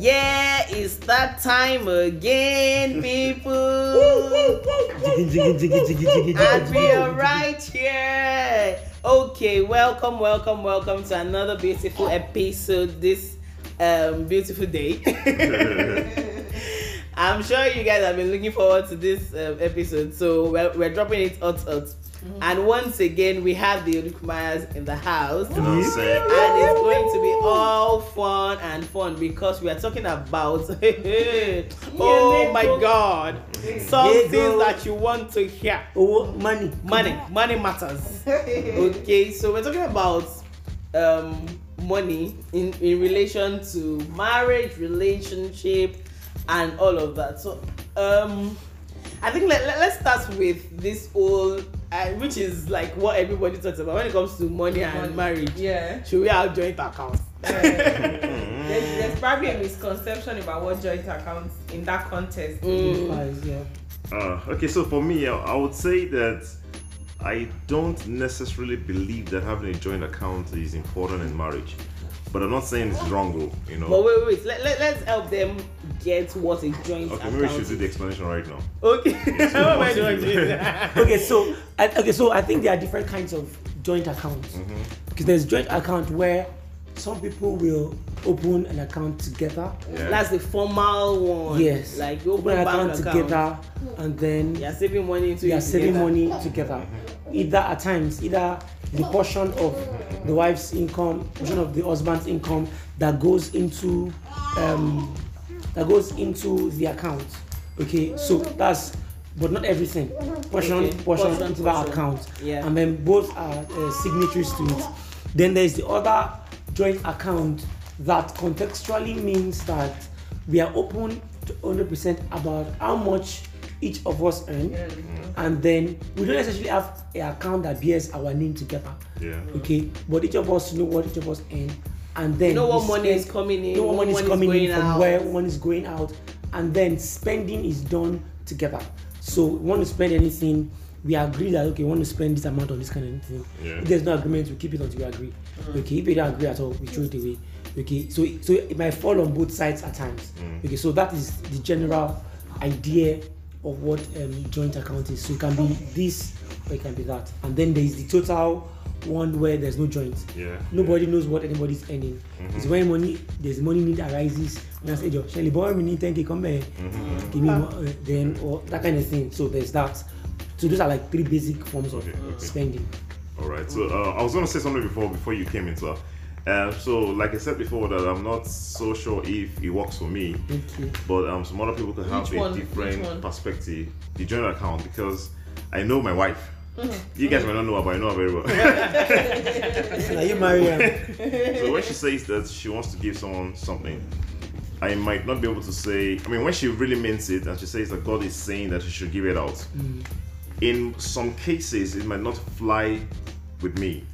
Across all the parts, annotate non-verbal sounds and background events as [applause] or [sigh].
Yeah, it's that time again, [laughs] people. and we are right here. Okay, welcome, welcome, welcome to another beautiful episode this um, beautiful day. [laughs] [laughs] I'm sure you guys have been looking forward to this um, episode, so we're, we're dropping it out, out. Mm-hmm. And once again, we have the Olukumayas in the house. and it's all fun and fun because we are talking about [laughs] oh my god something that you want to hear oh money money money matters [laughs] okay so we're talking about um money in in relation to marriage relationship and all of that so um I think let, let, us start with this whole, uh, which is like what everybody talks about when it comes to money, money. and marriage. Yeah. Should we have joint accounts? Mm. there's, there's, probably a misconception about what joint accounts in that context mm. mm. implies. Yeah. Uh, okay, so for me, I, I would say that I don't necessarily believe that having a joint account is important in marriage. But I'm not saying it's wrong, though, you know. But wait, wait, Let, let, let's help them get what a joint Okay, maybe we should do the explanation right now. Okay. [laughs] okay, so, [laughs] okay, so I, okay, so I think there are different kinds of joint accounts. Mm-hmm. Because there's joint account where some people will open an account together. Yeah. That's the formal one. Yes. Like you open, open an account, account, together and then you're saving money into you're saving together. money together. Either at times, either the portion of the wife's income, portion of the husband's income that goes into um, that goes into the account. Okay, so that's but not everything. Portion okay. portion, into that account. Yeah. And then both are uh, signatories to it. Then there's the other joint account that contextually means that we are open to 100% about how much each of us earn yeah, mm-hmm. and then we don't necessarily have an account that bears our name together yeah. okay but each of us know what each of us earn and then you know what money spend, is coming in know what money is coming is in from out. where one is going out and then spending is done together so we want to spend anything we agree that okay, we want to spend this amount on this kind of thing. Yeah. If there's no agreement, we keep it until we agree. Mm. Okay, if we don't agree at all, we throw it away. Okay, so so it might fall on both sides at times. Mm. Okay, so that is the general idea of what um, joint account is. So it can be this or it can be that. And then there is the total one where there's no joint. Yeah. Nobody yeah. knows what anybody's earning. Mm-hmm. It's when money there's money need arises. When I say, "Shelly, boy, we need 10k, come here, mm-hmm. give me uh, then or that kind of thing. So there's that. So those are like three basic forms of okay, okay. spending. All right. So uh, I was going to say something before before you came into. Uh, so, like I said before, that I'm not so sure if it works for me, but um, some other people could have a different perspective. The general account because I know my wife. Mm-hmm. You guys mm-hmm. might not know her, but I know her very well. Are [laughs] [laughs] you married? so when she says that she wants to give someone something, I might not be able to say. I mean, when she really means it, and she says that God is saying that she should give it out, mm in some cases, it might not fly with me.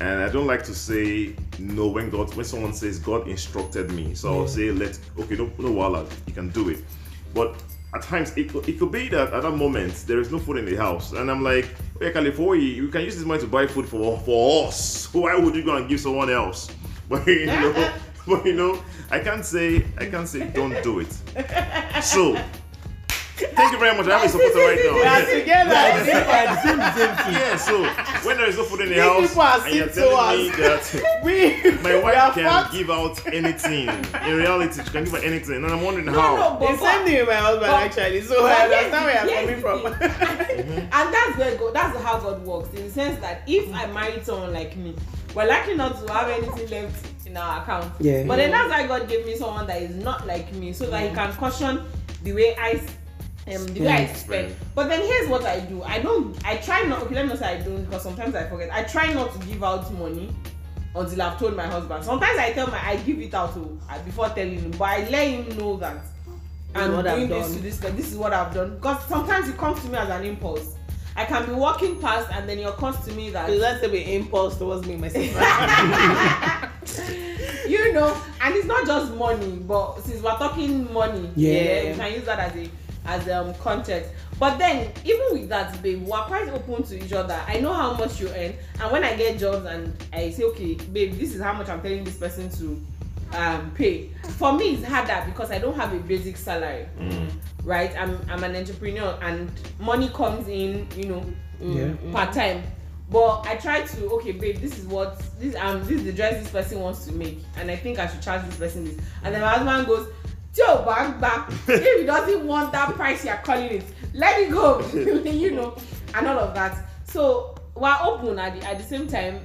And I don't like to say no when God, when someone says God instructed me. So I'll say, let, okay, no, no, voila, you can do it. But at times, it, it could be that at that moment, there is no food in the house. And I'm like, hey, California, you can use this money to buy food for, for us. [laughs] Why would you go and give someone else? [laughs] But you know, [laughs] but you know, I can't say, I can't say, don't do it. So Thank you very much. I have supposed to write now. We are together. [laughs] Yeah, so when there is no food in the These house, people are and you're telling me that [laughs] we, my wife can fucked. give out anything. In reality, she can give out anything, and I'm wondering no, how. No, but, the same thing with my husband but, actually. So that's understand where I'm coming from. mm-hmm. [laughs] And that's where God, that's how God works in the sense that if I marry someone like me, we're likely not to have anything left in our account. Yeah. But then that's why God gave me someone that is not like me, so that mm-hmm. He can caution the way I um do I spend. Mm. But then here's what I do. I don't I try not okay, let me not say I don't because sometimes I forget. I try not to give out money until I've told my husband. Sometimes I tell my I give it out to oh, before telling him, but I let him know that I'm what doing this to this guy. This is what I've done. Because sometimes it comes to me as an impulse. I can be walking past and then it comes to me that so let's say impulse towards me myself. [laughs] [laughs] you know, and it's not just money, but since we're talking money, yeah, yeah we can use that as a as um context but then even with that babe we are quite open to each other i know how much you earn and when i get jobs and i say okay babe this is how much i'm telling this person to um pay for me it's harder because i don't have a basic salary mm. right i'm i'm an entrepreneur and money comes in you know mm, yeah. part time but i try to okay babe this is what this um this is the dress this person wants to make and i think i should charge this person this and then my husband goes tí o bá ń gba if you doesn't want that price you are calling it let it go [laughs] you know and all of that so we're open at the at the same time.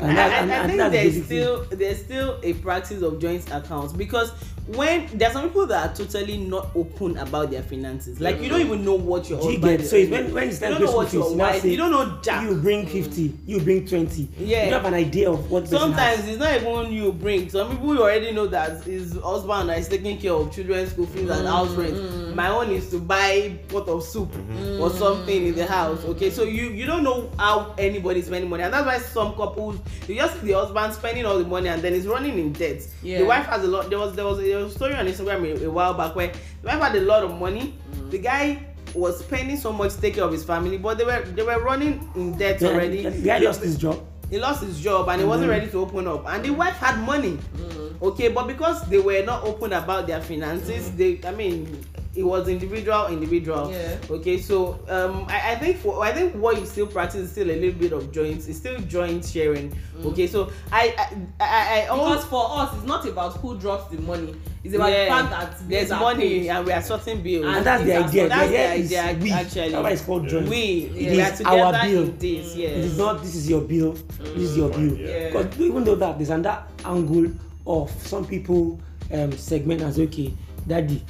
And I, and, I, I think there's beautiful. still there's still a practice of joint accounts because when there's some people that are totally not open about their finances like you don't mm. even know what your husband get so when when it's time to you fees now say you don't know jack you bring fifty mm. you bring twenty yeah you don't have an idea of what sometimes has. it's not even you bring some people you already know that his husband is taking care of children school fees mm. and house rent mm. mm mm. my own is to buy pot of soup mm. or something in the house okay so you you don't know how anybody spending money and that's why some couples you just see the husband spending all the money and then he's running in debt yeah. the wife has a lot there was there was a, story on instagram a, a while back where the wife had a lot of money mm. the guy was spending so much taking care of his family but they were they were running in debt yeah, already the guy lost his job he lost his job and he wasn't mm -hmm. ready to open up and the wife had money mm -hmm. okay but because they were not open about their finances mm -hmm. they i mean it was individual individual yeah. okay so um I, I think for i think what you still practice is still a little bit of joint it's still joint sharing mm. okay so i i i, I almost, because for us it's not about who drops the money it's about yeah, the fact that there's money paid. and we are sorting bills and, and that's the idea that's the idea, the idea we, actually that's why it's called joint we yeah. it is our bill this, mm. yes. it is not this is your bill mm. this is your bill because yeah. even though that there's another angle of some people um segment as okay daddy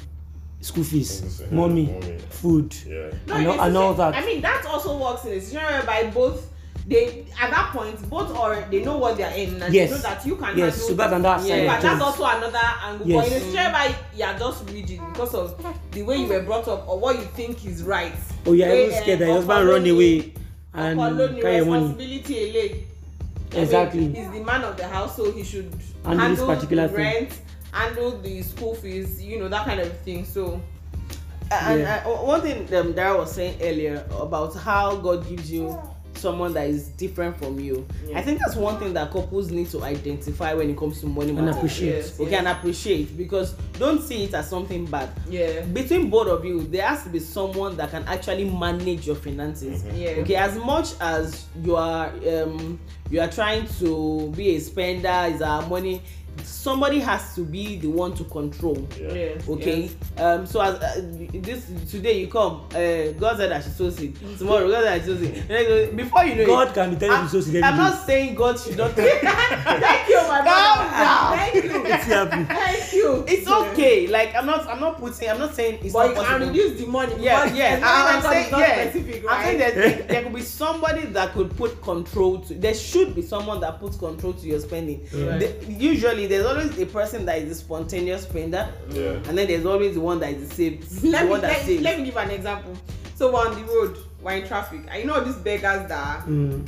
school fees, money, mommy, mommy, food, yeah. no, and, all, and all that. I mean, that also works in a scenario by both they at that point both are they know what they are in and yes. they know that you can yes, handle so that and that yeah, but that's also another angle yes. but in a scenario by you are just rigid because of the way you were brought up or what you think is right oh yeah way, i was scared that your husband run away and carry your money Responsibility, exactly I mean, he's the man of the house so he should handle, handle this rent thing handle the school fees you know that kind of thing so and yeah. Uh, I, one thing um, Dara was saying earlier about how God gives you someone that is different from you. Yeah. I think that's one thing that couples need to identify when it comes to money And appreciate. Yes, okay, yes. and appreciate because don't see it as something bad. Yeah. Between both of you, there has to be someone that can actually manage your finances. Mm-hmm. Yeah. Okay, as much as you are um you are trying to be a spender, is our money somebody has to be the one to control. Yeah. Yes, okay. Yes. Um. So as uh, this today you come, uh, God said I should so sin. Mm. Tomorrow God said I should so sin. before you know God it, can be telling you so sin. I'm not saying God should not. [laughs] Thank you, my brother. Down. Thank you. Thank you. It's okay. Like I'm not. I'm not putting. I'm not saying it's. But not you can reduce the money. Yeah. Yeah. I'm, I'm saying yeah. Specific, right? I'm saying that [laughs] there could be somebody that could put control to. There should be someone that puts control to your spending. Right. The, usually everybody there's always a person that is a spontaneous spender yeah. and then there's always the one that is the saved let the me, one that let, saves. let me give an example so we're on the road we're in traffic I know these beggars that mm.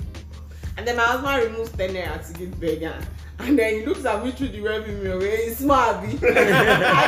and then my husband removes ten naira to give beggar and then he looks at me through the rearview mirror He's smart. [laughs] i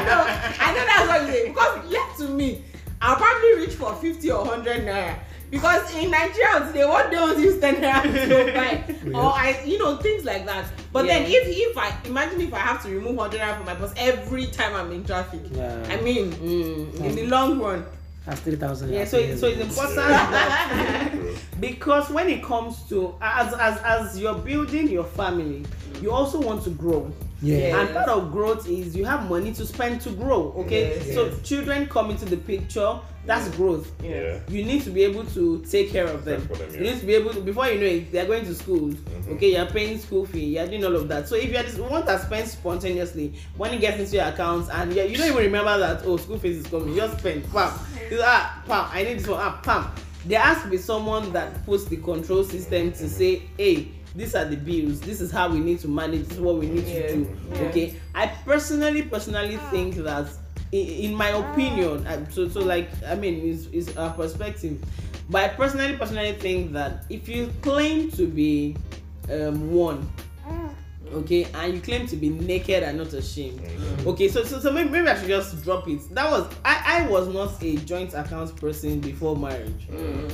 know i know that's what he saying. because left to me I'll probably reach for fifty or hundred naira because in nigeria today what they want use ten naira to go buy or I, you know, things like that. But yeah. then if if I imagine if I have to remove hundred naira from my purse every time I'm in traffic, yeah. I mean, mm, in the long run. That's three thousand. Yeah, so it, so it's important [laughs] because when it comes to as as as you're building your family, you also want to grow. Yes. And part of growth is you have money to spend to grow. Okay. Yes. So children come into the picture. That's mm. growth. Yeah. You need to be able to take care of them. them yeah. You need to be able to before you know it, they are going to school. Mm-hmm. Okay, you're paying school fee, you're doing all of that. So if you this one that spends spontaneously, when it gets into your accounts and you don't even remember that oh school fees is coming, you just spend pam. ah pam, I need this one, ah pam. There has to be someone that puts the control system to say, hey, these are the bills this is how we need to manage this is what we need yeah. to do yeah. okay i personally personally ah. think that in, my opinion um, so so like i mean it's, it's a perspective but i personally personally think that if you claim to be um, one ah. okay and you claim to be naked and not ashamed mm-hmm. okay so so, so maybe, maybe i should just drop it that was i i was not a joint account person before marriage mm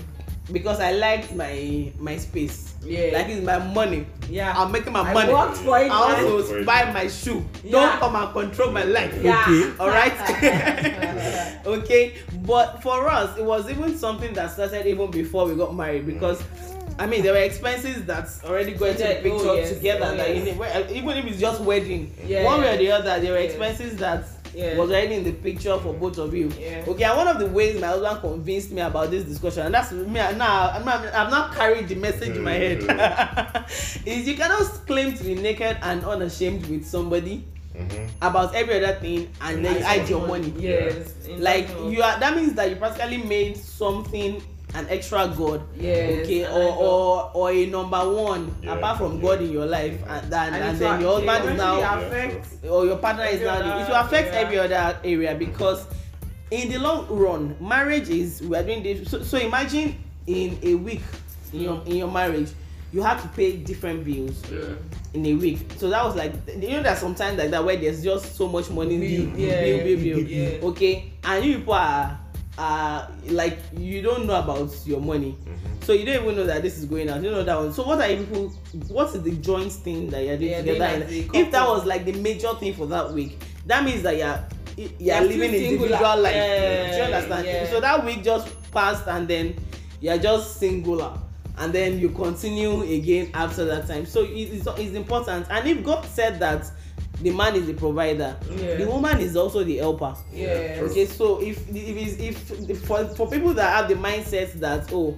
because I like my my space. Yeah. Like it's my money. Yeah. I'm making my I money. Worked for it, I also right? buy my shoe. Yeah. Don't come and control my life. Yeah. Okay. All right. [laughs] [laughs] okay. But for us, it was even something that started even before we got married because. I mean, there were expenses that's already going to the oh, picture oh, yes. together. Oh, yes. Like, even if it's just wedding, yeah. one way or the other, there were expenses yes. that yeah. was already in the picture for both of you yeah. okay and one of the ways my husband convinced me about this discussion and that's me now I've i'm not carried the message in my head mm. [laughs] is you cannot claim to be naked and unashamed with somebody mm-hmm. about every other thing and then you hide your money. Yes. Like you are that means that you practically made something an extra god yes, okay or, or or a number one yeah, apart from yeah. god in your life and then and, and then your husband is now affect, or your partner is now it will affect yeah. every other area because in the long run marriage is we are doing this so, so imagine in a week in your in your marriage you have to pay different bills yeah. in a week so that was like you know that sometimes like that where there's just so much money bill yeah, bill bill bill yeah. okay and you people are uh like you don't know about your money mm-hmm. so you don't even know that this is going out you know that one so what are you What is the joint thing that you're doing yeah, together and if that was like the major thing for that week that means that you're you're, you're living individual life like, yeah, do you understand yeah. so that week just passed and then you're just singular and then you continue again after that time so it's, it's important and if god said that the man is the provider yeah. the woman is also the helper yes. okay so if if if, if for, for people that have the mindset that oh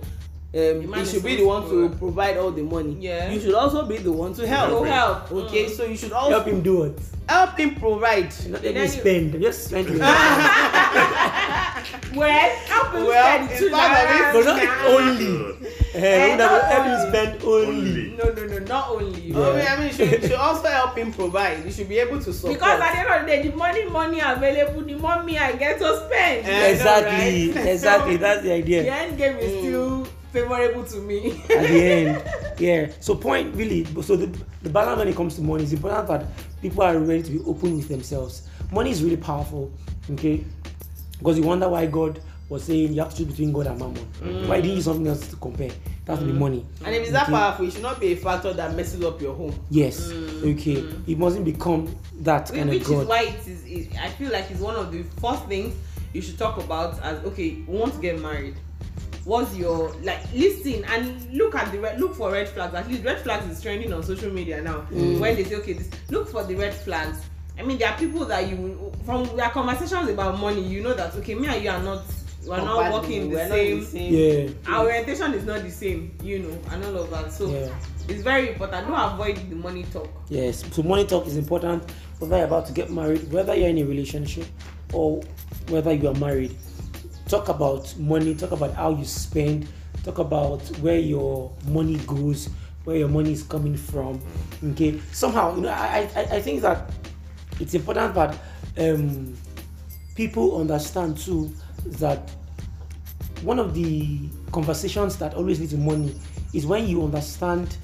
um, you should be the one to provide all the money. Yeah. You should also be the one to help. To help. Okay, mm. so you should also help him do it. Help him provide. Not let me spend. [laughs] You... Just spend. well, help him well, spend. Well, it's but not only. Eh, uh, help you spend only. No, no, no, not only. Yeah. Only, oh, I mean, should, should also help him provide. You should be able to support. Because at the end of the day, the money, money available, the more me I get to spend. Uh, exactly, know, right? exactly. so, [laughs] That's the idea. The end game is mm. still favorable to me. at the end, [laughs] yeah. So point really, so the the balance when it comes to money is important that people are ready to be open with themselves. Money is really powerful, okay? Because you wonder why God was saying you have to choose between God and mammon. Mm. Why didn't you something else to compare? That's mm. the money. And if it's that okay. powerful, it should not be a factor that messes up your home. Yes. Mm. Okay. Mm. It mustn't become that Which, kind of God. Which is why it is. It, I feel like it's one of the first things you should talk about as okay, you want to get married. What's your like? Listen and look at the red, look for red flags. At least red flags is trending on social media now. Mm. When they say okay, this look for the red flags. I mean, there are people that you from their conversations about money, you know that okay, me and you are not we're not working the, we're same. Not the same yeah our orientation is not the same you know and all of that so yeah. it's very important don't avoid the money talk yes so money talk is important whether you're about to get married whether you're in a relationship or whether you are married talk about money talk about how you spend talk about where your money goes where your money is coming from okay somehow you know i i, I think that it's important that um people understand too that one of the conversations that always leads to money is when you understand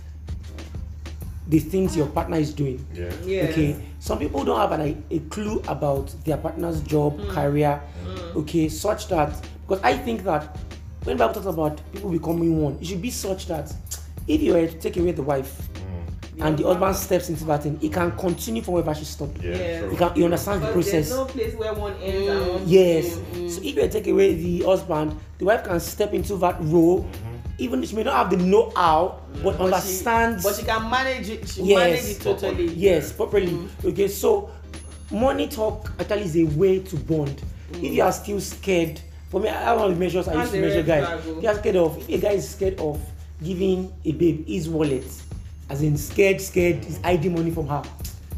the things your partner is doing. Yeah. yeah. Okay. Some people don't have an, a clue about their partner's job, mm. career. Mm. Okay, such that because I think that when Bible talks about people becoming one, it should be such that if you were to take away the wife, and the husband steps into that thing, he can continue from wherever she stopped. Yeah, yeah. He, can, he understands but the process. There's no place where one ends mm. and Yes. Mm-hmm. So if you take away the husband, the wife can step into that role. Mm-hmm. Even she may not have the know-how, mm. but, but understands. She, but she can manage it. She yes, manage it totally. Yes, properly. Mm-hmm. Okay, so money talk actually is a way to bond. Mm. If you are still scared, for me, I have one of the measures I used to measure guys. They oh. are scared of. If a guy is scared of giving a babe his wallet, as in scared scared is hiding money from her.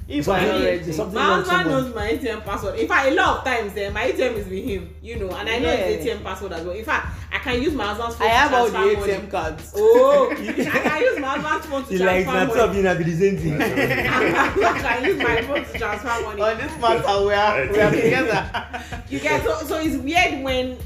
if so I mean my husband knows my ATM password in fact a lot of times eh, my ATM is with him you know and I know yeah. his ATM password as well in fact I can use my husband's phone I to have all the ATM money. cards oh [laughs] I can use my husband's phone to like, transfer money He like na being the same thing [laughs] I can use my phone to transfer money on this matter we are we are together you get so so it's weird when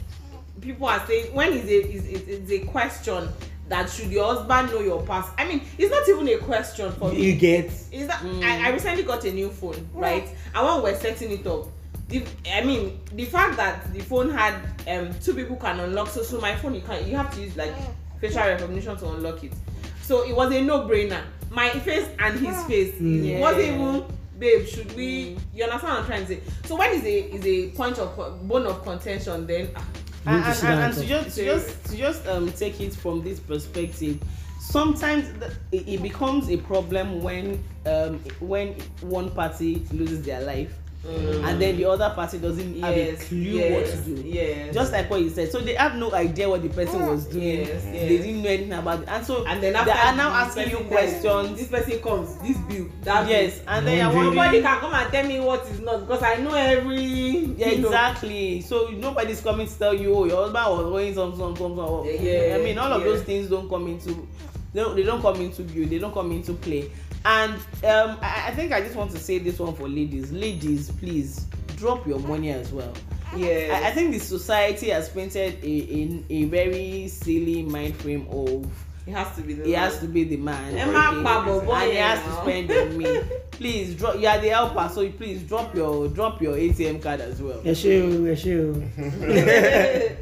people are saying when is a is, is, is a question that should your husband know your past i mean it's not even a question for you me you get is that mm. I, I recently got a new phone yeah. right and when we were setting it up the i mean the fact that the phone had um two people can unlock so so my phone you can you have to use like facial recognition to unlock it so it was a no-brainer my face and his face mm. yeah. wasn't even babe should we mm. you understand what i'm trying to say so when is a is a point of bone of contention then ah and, and, and, to just to just to just um, take it from this perspective sometimes it becomes a problem when um, when one party loses their life mm. and then the other party doesn't yes, have a clue yes, what to do yes. just like what you said so they have no idea what the person ah, was doing yes, yes. they didn't know anything about it and so and then after they are now asking you questions this person comes this bill that bill yes and then really? nobody can come and tell me what is not because i know every yeah, exactly know. so nobody's coming to tell you oh your husband was owing some some some some yeah, i mean all of yeah. those things don't come into they don't, they don't come into view they don't come into play and um, I, I think I just want to say this one for ladies. Ladies, please drop your money as well. Yeah, I, I think the society has painted a, a, a very silly mind frame of he has to be the he man. has to be the man the man pabo boy and he has to spend on me [laughs] please drop you are the helper so please drop your drop your atm card as well. Yes, you, yes, you. okay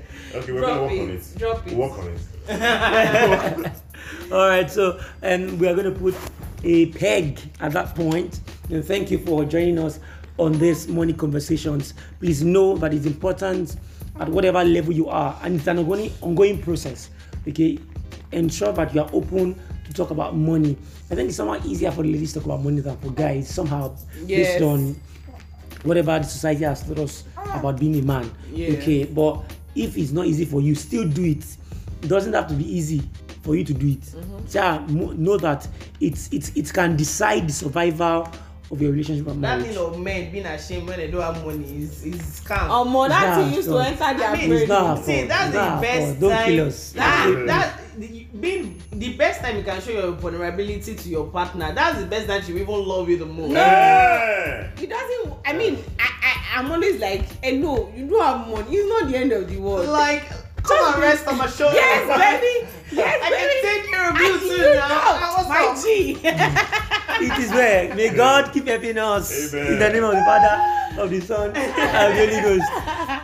we're drop gonna work it, on it drop it work on it. [laughs] all right so and um, we are gonna put a peg at that point. And thank you for joining us on this morning conversations. Please know that it's important at whatever level you are, and it's an ongoing, ongoing process. Okay, ensure that you are open to talk about money. I think it's somehow easier for ladies to talk about money than for guys somehow yes. based on whatever the society has taught us about being a man. Yeah. Okay, but if it's not easy for you, still do it. It doesn't have to be easy. for you to do it. Mm-hmm. So know that it it it can decide the survival of your relationship and marriage. that thing of men being ashamed when they don't have money is is scam. omo oh, that thing used to enter their brain. see that's nah, the best time. don't kill us. that that the, being the best time you can show your vulnerability to your partner that's the best time she will even love you the most. no yeah. it doesn't i mean i i i'm always like eh, no, you don't have money it's not the end of the world. like Come on, rest on my shoulder. Yes, baby. Yes, I baby. can take care of you I, too you now. Know. My G. it is well. May God keep helping us. Amen. In the name of the Father, of the Son, and of the Holy Ghost.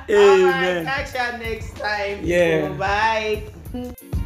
Amen. [laughs] All right, catch you next time. Yeah. Bye.